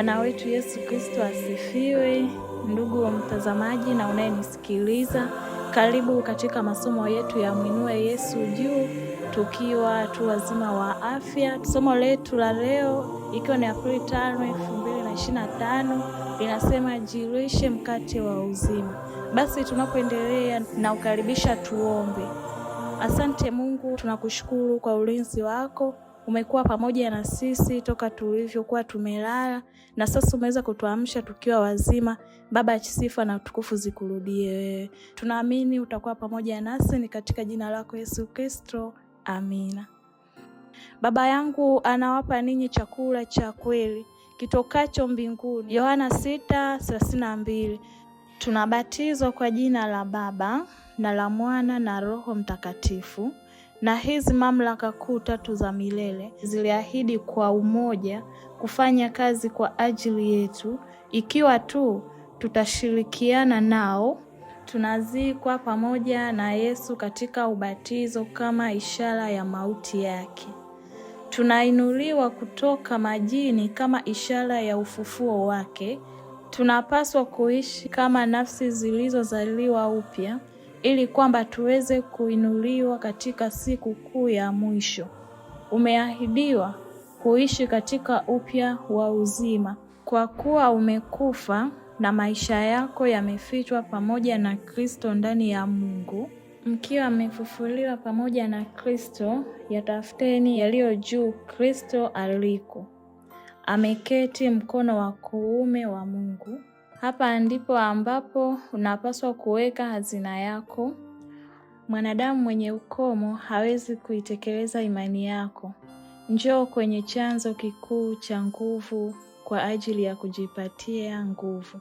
Bwana wetu Yesu Kristo asifiwe. Ndugu wa mtazamaji na unayenisikiliza, karibu katika masomo yetu ya mwinue Yesu juu, tukiwa tu wazima wa afya. Somo letu la leo ikiwa ni Aprili tano elfu mbili na ishirini na tano linasema jilishe mkate wa uzima. Basi tunapoendelea na ukaribisha, tuombe. Asante Mungu, tunakushukuru kwa ulinzi wako umekuwa pamoja na sisi toka tulivyokuwa tumelala na sasa umeweza kutuamsha tukiwa wazima. Baba, sifa na utukufu zikurudie wewe. Tunaamini utakuwa pamoja nasi, ni katika jina lako Yesu Kristo, amina. Baba yangu anawapa ninyi chakula cha kweli kitokacho mbinguni, Yohana 6:32. Tunabatizwa kwa jina la Baba na la Mwana na Roho Mtakatifu. Na hizi mamlaka kuu tatu za milele ziliahidi kwa umoja kufanya kazi kwa ajili yetu ikiwa tu tutashirikiana nao. Tunazikwa pamoja na Yesu katika ubatizo kama ishara ya mauti yake. Tunainuliwa kutoka majini kama ishara ya ufufuo wake. Tunapaswa kuishi kama nafsi zilizozaliwa upya ili kwamba tuweze kuinuliwa katika siku kuu ya mwisho. Umeahidiwa kuishi katika upya wa uzima, kwa kuwa umekufa na maisha yako yamefichwa pamoja na Kristo ndani ya Mungu. Mkiwa amefufuliwa pamoja na Kristo, yatafuteni yaliyo juu, Kristo aliko ameketi mkono wa kuume wa Mungu. Hapa ndipo ambapo unapaswa kuweka hazina yako. Mwanadamu mwenye ukomo hawezi kuitekeleza imani yako. Njoo kwenye chanzo kikuu cha nguvu kwa ajili ya kujipatia nguvu.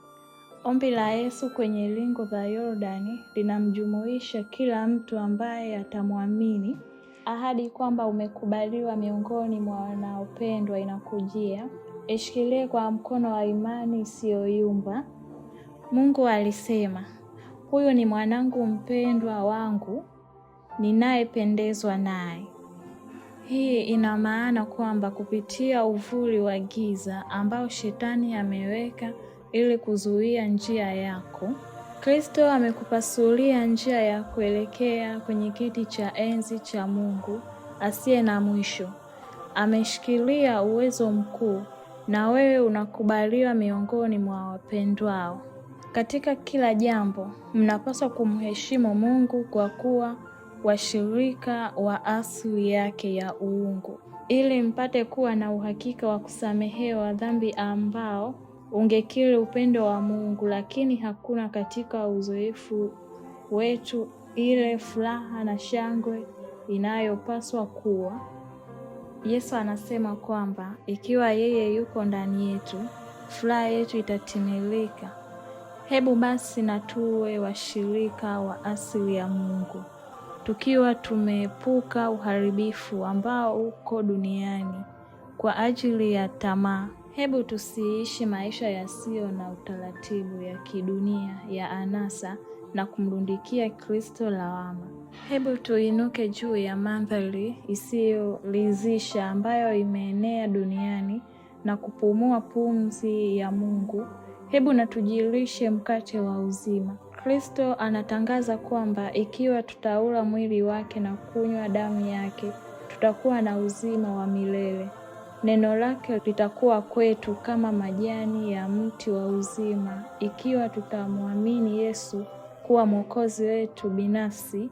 Ombi la Yesu kwenye lingo za Yordani linamjumuisha kila mtu ambaye atamwamini. Ahadi kwamba umekubaliwa miongoni mwa wanaopendwa inakujia ishikilie kwa mkono wa imani isiyoyumba. Mungu alisema, huyu ni mwanangu mpendwa wangu ninayependezwa naye. Hii ina maana kwamba kupitia uvuli wa giza ambao shetani ameweka ili kuzuia njia yako, Kristo amekupasulia njia ya kuelekea kwenye kiti cha enzi cha Mungu asiye na mwisho. Ameshikilia uwezo mkuu na wewe unakubaliwa miongoni mwa wapendwao. Katika kila jambo mnapaswa kumheshimu Mungu kwa kuwa washirika wa asili yake ya uungu, ili mpate kuwa na uhakika wa kusamehewa dhambi ambao ungekiri upendo wa Mungu. Lakini hakuna katika uzoefu wetu ile furaha na shangwe inayopaswa kuwa Yesu anasema kwamba ikiwa yeye yuko ndani yetu, furaha yetu itatimilika. Hebu basi na tuwe washirika wa asili ya Mungu, tukiwa tumeepuka uharibifu ambao uko duniani kwa ajili ya tamaa. Hebu tusiishi maisha yasiyo na utaratibu ya kidunia ya anasa na kumrundikia Kristo lawama. Hebu tuinuke juu ya mandhari isiyoridhisha ambayo imeenea duniani na kupumua pumzi ya Mungu. Hebu na tujilishe mkate wa uzima. Kristo anatangaza kwamba ikiwa tutaula mwili wake na kunywa damu yake, tutakuwa na uzima wa milele. Neno lake litakuwa kwetu kama majani ya mti wa uzima, ikiwa tutamwamini Yesu kuwa mwokozi wetu binafsi,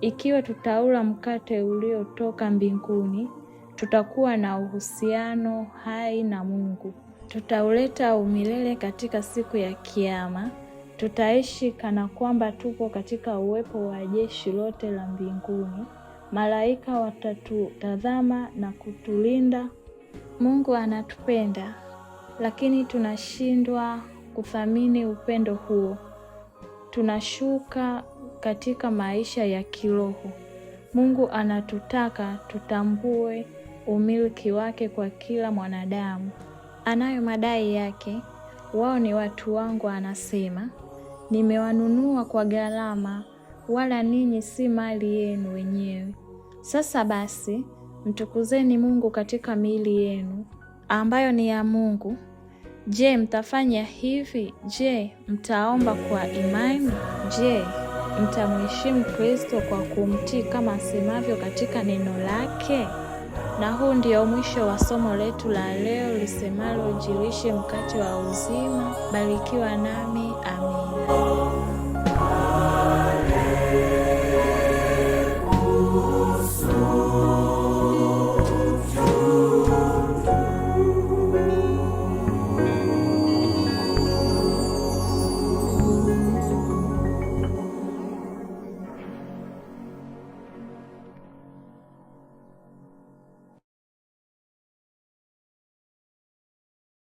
ikiwa tutaula mkate uliotoka mbinguni, tutakuwa na uhusiano hai na Mungu, tutauleta umilele katika siku ya Kiama. Tutaishi kana kwamba tupo katika uwepo wa jeshi lote la mbinguni. Malaika watatutazama na kutulinda. Mungu anatupenda, lakini tunashindwa kuthamini upendo huo tunashuka katika maisha ya kiroho. Mungu anatutaka tutambue umiliki wake kwa kila mwanadamu. Anayo madai yake. Wao ni watu wangu, anasema, nimewanunua kwa gharama, wala ninyi si mali yenu wenyewe. Sasa basi mtukuzeni Mungu katika miili yenu ambayo ni ya Mungu Je, mtafanya hivi? Je, mtaomba kwa imani? Je, mtamheshimu Kristo kwa kumtii kama asemavyo katika neno lake? Na huu ndio mwisho wa somo letu la leo lisemalo, ujilishe mkate wa uzima. Barikiwa nami